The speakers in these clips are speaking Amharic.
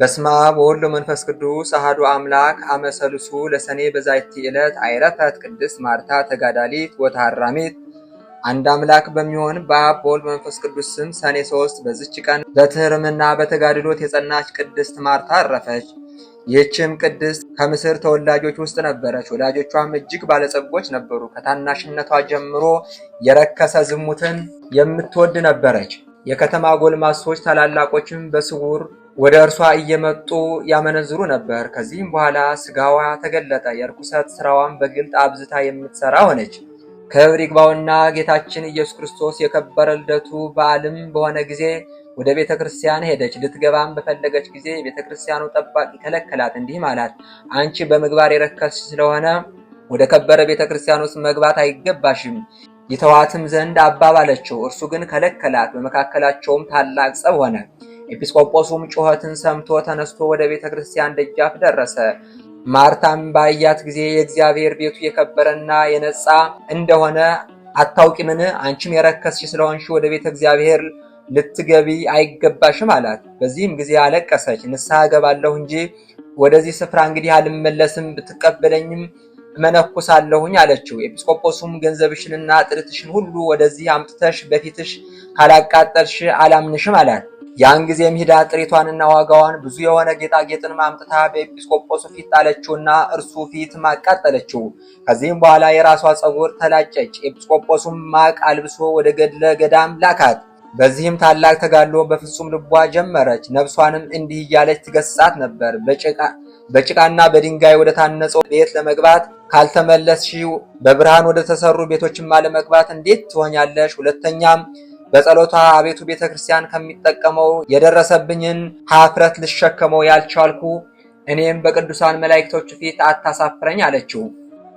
በስመ አብ ወወልድ ወመንፈስ ቅዱስ አሐዱ አምላክ። አመ ለሰኔ በዛይቲ ዕለት አይረፈት ቅድስት ማርታ ተጋዳሊት ወታራሚት። አንድ አምላክ በሚሆን በአብ በወልድ መንፈስ ቅዱስ ስም ሰኔ ሶስት በዚች ቀን በትህርምና በተጋድሎት የጸናች ቅድስት ማርታ አረፈች። ይህችም ቅድስት ከምስር ተወላጆች ውስጥ ነበረች። ወላጆቿም እጅግ ባለጸጎች ነበሩ። ከታናሽነቷ ጀምሮ የረከሰ ዝሙትን የምትወድ ነበረች። የከተማ ጎልማሶች ታላላቆችም በስውር ወደ እርሷ እየመጡ ያመነዝሩ ነበር። ከዚህም በኋላ ስጋዋ ተገለጠ፣ የርኩሰት ስራዋን በግልጥ አብዝታ የምትሰራ ሆነች። ክብር ይግባውና ጌታችን ኢየሱስ ክርስቶስ የከበረ ልደቱ በዓልም በሆነ ጊዜ ወደ ቤተ ክርስቲያን ሄደች። ልትገባም በፈለገች ጊዜ የቤተ ክርስቲያኑ ጠባቂ ከለከላት፣ እንዲህም አላት፣ አንቺ በምግባር የረከስሽ ስለሆነ ወደ ከበረ ቤተ ክርስቲያን ውስጥ መግባት አይገባሽም። ይተዋትም ዘንድ አባባለችው። እርሱ ግን ከለከላት። በመካከላቸውም ታላቅ ጸብ ሆነ። ኤጲስቆጶሱም ጩኸትን ሰምቶ ተነስቶ ወደ ቤተ ክርስቲያን ደጃፍ ደረሰ። ማርታም ባያት ጊዜ የእግዚአብሔር ቤቱ የከበረና የነጻ እንደሆነ አታውቂምን? አንቺም የረከስሽ ስለሆንሽ ወደ ቤተ እግዚአብሔር ልትገቢ አይገባሽም አላት። በዚህም ጊዜ አለቀሰች። ንስሐ ገባለሁ እንጂ ወደዚህ ስፍራ እንግዲህ አልመለስም፣ ብትቀበለኝም መነኩሳለሁኝ አለችው። ኤጲስቆጶሱም ገንዘብሽንና ጥርትሽን ሁሉ ወደዚህ አምጥተሽ በፊትሽ ካላቃጠልሽ አላምንሽም አላት። ያን ጊዜም ሂዳ ጥሪቷንና ዋጋዋን ብዙ የሆነ ጌጣጌጥን ማምጥታ በኤጲስቆጶሱ ፊት ጣለችውና እርሱ ፊት ማቃጠለችው። ከዚህም በኋላ የራሷ ጸጉር ተላጨች። ኤጲስቆጶሱም ማቅ አልብሶ ወደ ገድለ ገዳም ላካት። በዚህም ታላቅ ተጋድሎ በፍጹም ልቧ ጀመረች። ነፍሷንም እንዲህ እያለች ትገስጻት ነበር። በጭቃና በድንጋይ ወደ ታነጸው ቤት ለመግባት ካልተመለስሽ፣ በብርሃን ወደ ተሰሩ ቤቶችማ ለመግባት እንዴት ትሆኛለሽ? ሁለተኛም በጸሎቷ አቤቱ ቤተ ክርስቲያን ከሚጠቀመው የደረሰብኝን ሀፍረት ልሸከመው ያልቻልኩ እኔም በቅዱሳን መላእክቶች ፊት አታሳፍረኝ አለችው።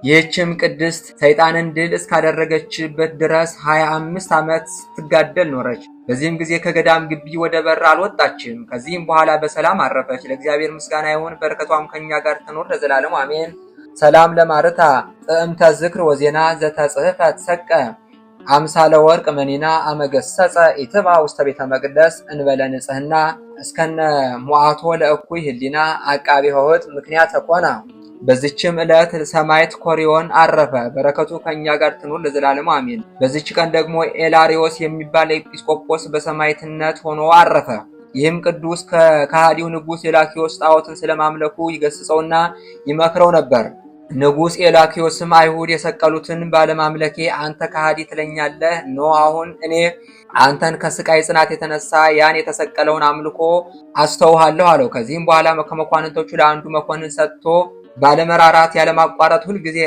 ይህችም ቅድስት ሰይጣንን ድል እስካደረገችበት ድረስ 25 ዓመት ስትጋደል ኖረች። በዚህም ጊዜ ከገዳም ግቢ ወደ በር አልወጣችም። ከዚህም በኋላ በሰላም አረፈች። ለእግዚአብሔር ምስጋና ይሁን፣ በረከቷም ከኛ ጋር ትኖር ለዘላለም አሜን። ሰላም ለማርታ ጥዕምተ ዝክር ወዜና ዘተጽሕፈት ሰቀ አምሳለ ወርቅ መኒና አመገሰጸ ኢትባ ውስተ ቤተ መቅደስ እንበለ ንጽህና እስከነ ሙዓቶ ለእኩይ ህሊና አቃቢ ሆህት ምክንያት ኮና። በዚችም ዕለት ሰማይት ኮሪዮን አረፈ። በረከቱ ከእኛ ጋር ትኑር ለዘላለሙ አሚን። በዚች ቀን ደግሞ ኤላሪዮስ የሚባል ኤጲስቆጶስ በሰማይትነት ሆኖ አረፈ። ይህም ቅዱስ ከከሃዲው ንጉሥ የላኪዎስ ጣዖትን ስለማምለኩ ይገስጸውና ይመክረው ነበር። ንጉሥ ኤላኪዮስም አይሁድ የሰቀሉትን ባለማምለኬ አንተ ከሃዲ ትለኛለህ? ኖ አሁን እኔ አንተን ከስቃይ ጽናት የተነሳ ያን የተሰቀለውን አምልኮ አስተውሃለሁ አለው። ከዚህም በኋላ ከመኳንንቶቹ ለአንዱ መኮንን ሰጥቶ ባለመራራት ያለማቋረጥ ሁልጊዜ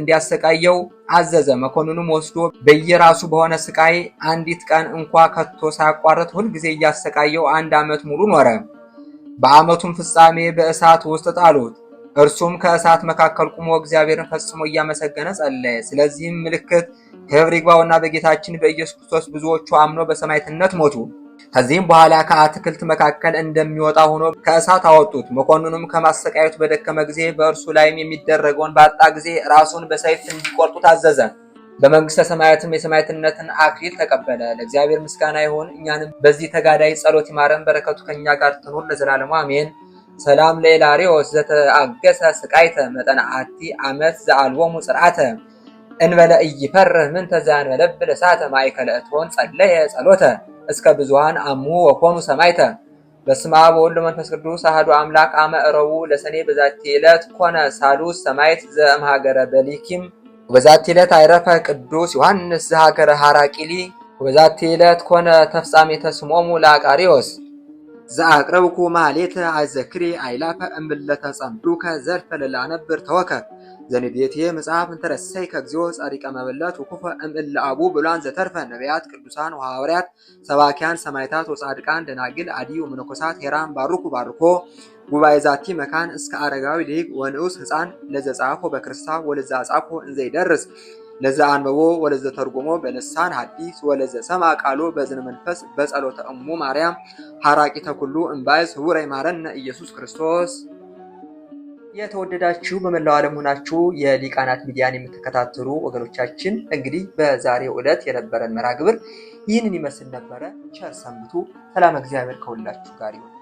እንዲያሰቃየው አዘዘ። መኮንኑም ወስዶ በየራሱ በሆነ ስቃይ አንዲት ቀን እንኳ ከቶ ሳያቋረጥ ሁልጊዜ እያሰቃየው አንድ ዓመት ሙሉ ኖረ። በዓመቱም ፍጻሜ በእሳት ውስጥ ጣሉት። እርሱም ከእሳት መካከል ቁሞ እግዚአብሔርን ፈጽሞ እያመሰገነ ጸለየ። ስለዚህም ምልክት ክብር ይግባውና በጌታችን በኢየሱስ ክርስቶስ ብዙዎቹ አምኖ በሰማዕትነት ሞቱ። ከዚህም በኋላ ከአትክልት መካከል እንደሚወጣ ሆኖ ከእሳት አወጡት። መኮንኑም ከማሰቃየቱ በደከመ ጊዜ በእርሱ ላይም የሚደረገውን ባጣ ጊዜ ራሱን በሰይፍ እንዲቆርጡ ታዘዘ። በመንግስተ ሰማያትም የሰማዕትነትን አክሊል ተቀበለ። ለእግዚአብሔር ምስጋና ይሁን፣ እኛንም በዚህ ተጋዳይ ጸሎት ይማረን፣ በረከቱ ከእኛ ጋር ትኑር ለዘላለሙ አሜን። ሰላም ለኢላርዮስ ዘተአገሰ ስቃይተ መጠነ አቲ ዓመት ዘአልቦሙ ጽርዓተ እንበለ ኢይፈርህ ምንተ ዘአንበለብል እሳተ ማእከለ እቶን ጸለየ ጸሎተ እስከ ብዙኃን አሙ ወኮኑ ሰማዕተ። በስመ አብ ወወልድ ወመንፈስ ቅዱስ አሐዱ አምላክ። አመ ረቡዕ ለሰኔ በዛቲ ዕለት ኮነ ሳሉስ ሰማዕት ዘእምሃገረ በሊኪም በዛቲ ዕለት አይረፈ ቅዱስ ዮሐንስ ዘሀገረ ሐራቂሊ በዛቲ ዕለት ኮነ ተፍጻሜተ ስሞሙ ለአቃሪዮስ ዘአቅረብኩ ማሌተ አዘክሬ አይላፈ እምለተ ጸምዱከ ዘርፈ ለላነብር ተወከብ ዘንዴቴ መጽሐፍ እንተረሰይ ከእግዚኦ ጻድቀ መበለት ወኩፈ እምእለ አቡ ብሏን ዘተርፈ ነቢያት ቅዱሳን ወሐዋርያት ሰባኪያን ሰማይታት ወጻድቃን ደናግል አዲዩ መነኮሳት ሄራን ባርኩ ባርኮ ጉባኤ ዛቲ መካን እስከ አረጋዊ ልሂቅ ወንዑስ ህፃን ለዘጻፎ በክርስታ ወለዛ ጻፎ እንዘይደርስ ለዛ አንበቦ ወለዘ ተርጎሞ በልሳን ሐዲስ ወለዘ ሰማ ቃሎ በዝን መንፈስ በጸሎተ እሙ ማርያም ሐራቂ ተኩሉ እምባይስ ህቡረ ይማረነ ኢየሱስ ክርስቶስ። የተወደዳችሁ በመላው ዓለም ሆናችሁ የሊቃናት ሚዲያን የምትከታተሉ ወገኖቻችን እንግዲህ በዛሬው ዕለት የነበረን መርሐ ግብር ይህንን ይመስል ነበረ። ቸር ሰንብቱ። ሰላም እግዚአብሔር ከሁላችሁ ጋር ይሁን።